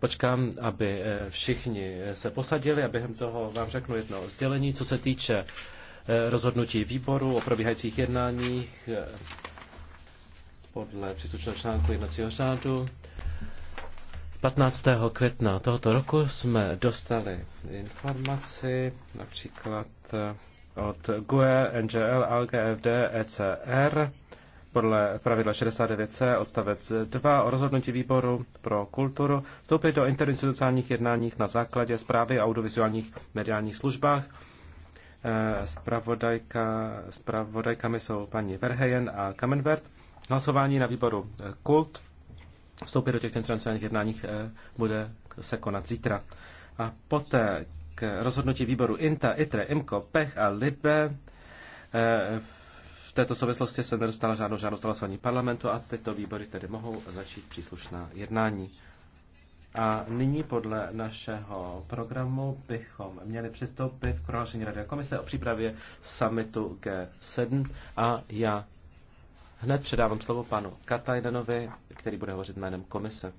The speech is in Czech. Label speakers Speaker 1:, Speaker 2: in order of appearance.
Speaker 1: Počkám, aby eh, všichni eh, se posadili a během toho vám řeknu jedno sdělení, co se týče eh, rozhodnutí výboru o probíhajících jednáních podle příslušného článku jednacího řádu. 15. května tohoto roku jsme dostali informaci například od GUE, NGL, ALGE, FD, ECR, podle pravidla 69c odstavec 2 o rozhodnutí výboru pro kulturu vstoupit do interinstitucionálních jednáních na základě zprávy o audiovizuálních mediálních službách. Spravodajka, eh, spravodajkami jsou paní Verhejen a Kamenvert. Hlasování na výboru eh, Kult vstoupit do těch interinstitucionálních jednáních eh, bude se konat zítra. A poté k rozhodnutí výboru INTA, ITRE, IMCO, PECH a LIBE v této souvislosti se nedostala žádnou žádost hlasování parlamentu a tyto výbory tedy mohou začít příslušná jednání. A nyní podle našeho programu bychom měli přistoupit k prohlášení Rady komise o přípravě summitu G7 a já hned předávám slovo panu Katajdenovi, který bude hovořit jménem komise.